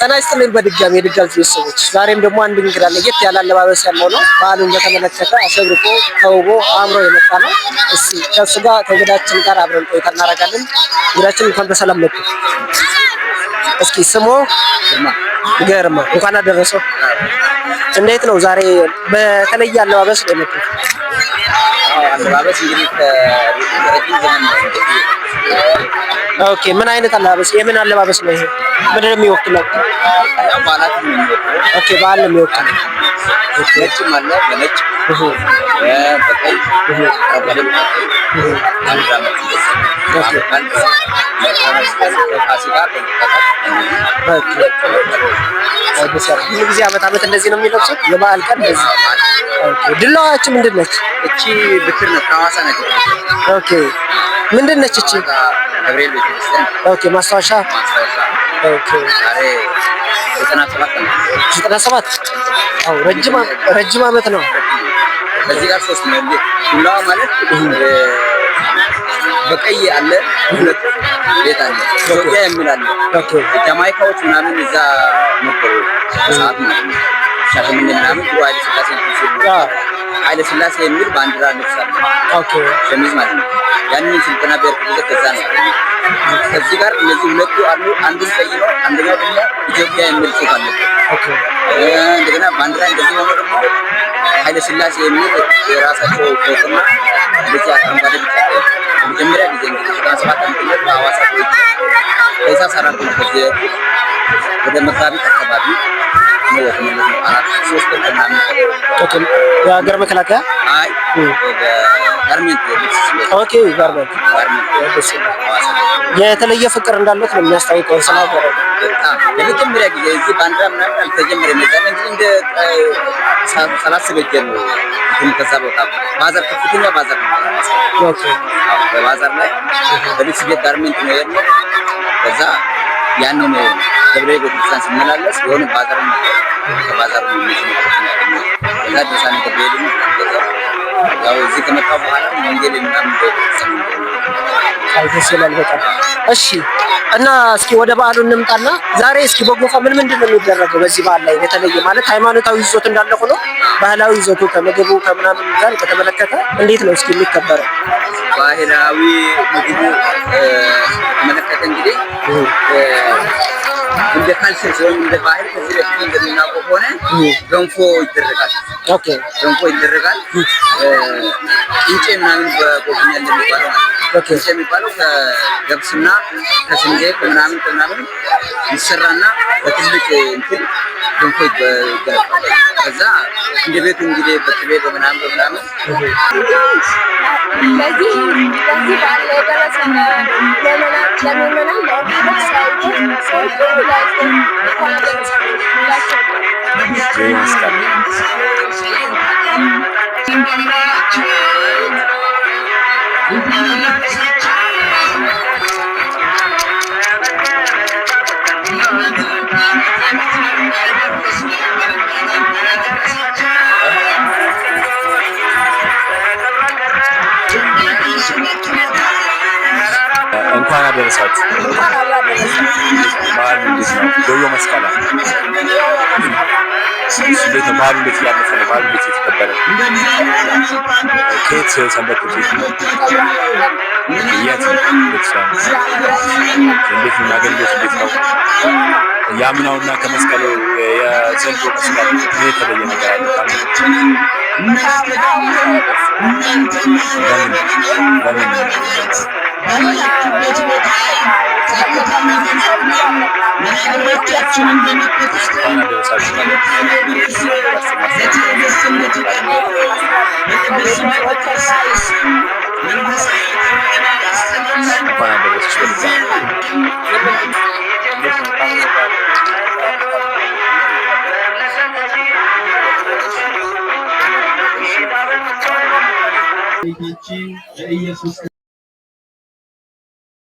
ጤና ይስጥልን። በድጋሚ የድጋሚ ቤተሰቦች ዛሬም ደግሞ አንድ እንግዳ ለየት ያለ አለባበስ ያለው ነው። በዓሉን በተመለከተ አሸብርቆ ተውቦ አምሮ የመጣ ነው። እሺ ከሱ ጋር ከእንግዳችን ጋር አብረን ቆይታ እናደርጋለን። እንግዳችን እንኳን በሰላም መጡ። እስኪ ስሞ ገርማ እንኳን አደረሰው። እንዴት ነው ዛሬ በተለየ አለባበስ ነው የመጡት? አለባበስ እንግዲህ ከረጅም ዘመን ኦኬ፣ ምን አይነት አለባበስ የምን አለባበስ ነው ይሄ? ምንድን ነው የሚወክለው? ኦኬ፣ በዓል ነው የሚወክለው። ጊዜ እንደዚህ ነው የሚለብሱት የበዓል ቀን እንደዚህ ድላዋች ምንድን ነች? እቺ ብክር ነው፣ ሐዋሳ ነች። ኦኬ ምንድን ነች እቺ? ገብርኤል ቤተክርስቲያን። ኦኬ ማስታወሻ። ኦኬ ዘጠና ሰባት አዎ፣ ረጅም አመት ነው። ከዚህ ጋር ሶስት ነው እንዴ? ዱላዋ ማለት በቀይ አለ ሁለት ቤት አለ ኢትዮጵያ የሚል አለ። ጃማይካዎች ምናምን እዛ ነበሩ ሰዓት ማለት ነው ሻሸመኔ ምናምን ኃይለ ሥላሴ ኃይለ ሥላሴ የሚል ባንዲራ ንሳል ሸሚዝ ማለት ነው። ያንን ስልጠና በርክዘ ከዛ ነው። ከዚህ ጋር እነዚህ ሁለቱ አሉ። አንዱ ቀይ ነው፣ አንደኛው ደግሞ ኢትዮጵያ የሚል ጽሑፍ አለ። እንደገና ባንዲራ እንደዚህ ሆኖ ደግሞ ኃይለ ሥላሴ የሚል የራሳቸው ፎቶና እንደዚህ አረንጓዴ ብቻ መጀመሪያ ጊዜ እንግዲህ ሰባት ዓመት በሐዋሳ ከዛ ሰራ ወደ መጋቢት አካባቢ ህይወት የሀገር መከላከያ የተለየ ፍቅር እንዳለት ነው የሚያስታውቀው። ስለ ሀገር በጣም ለመጀመሪያ ጊዜ እዚህ ባንዲራ ምናምን አልተጀመረም። እንደ ሰላሳ በጀን ከዛ ቦታ ባዛር ከፍተኛ ባዛር ነው። ኦኬ፣ ላይ በልብስ ቤት ጋርሜንት ነው ያለው። ከዛ ያንን ገብረ ቤተክርስቲያን ስመላለስ የሆነ ባዛር ነው ከማዛር እሺ። እና እስኪ ወደ በዓሉ እንምጣና ዛሬ እስኪ በጎፋ ምን ምንድን ነው የሚደረገው በዚህ በዓል ላይ የተለየ ማለት ሃይማኖታዊ ይዞት እንዳለ ሆኖ ባህላዊ ይዞቱ ከምግቡ ከምናምን ጋር በተመለከተ እንዴት ነው እስኪ የሚከበረው? ባህላዊ ምግቡ መለከተ እንግዲህ እንደ ካልሽስ ወይም እንደ ባህል ከዚህ በፊት እንደምናውቀው ከሆነ ገንፎ ይደረጋል። ኦኬ ገንፎ ይደረጋል። እንጬ ምናምን በጎብኛ እንደሚባለው ማለት እንጬ የሚባለው ከገብስና ከስንዴ ከምናምን ከምናምን ይሰራና በትልቅ እንትን ገንፎ ይደረጋል። ከዛ እንደ ቤቱ እንግዲህ በቅቤ በምናምን በምናምን ለዚህ ለዚህ ባለ የደረሰ ለመና Dreams coming. አደረሳችሁ። በዓሉ እንዴት ነው? ዮዮ መስቀል እንዴት ነው? በዓሉ እንዴት ያለፈ ነው? በዓሉ እንዴት የተከበረ ከየት ሰንበት ትምህርት የት እንዴት ነው? አገልግሎት እንዴት ነው? ያምናውና ከመስቀሉ የዘንድሮ መስቀል የተለየ ነገር አለ? Mesleğimden mümkünlüğüm memnuniyet. Ben yaptım gecimi kayıp. Saklıtan medeniyetmem. Merhamet yapçının demek yetiştim. Şunu tanıyabilirsin. Zetildesin de tükenmiyor. Benim besime bakarsın. Brigante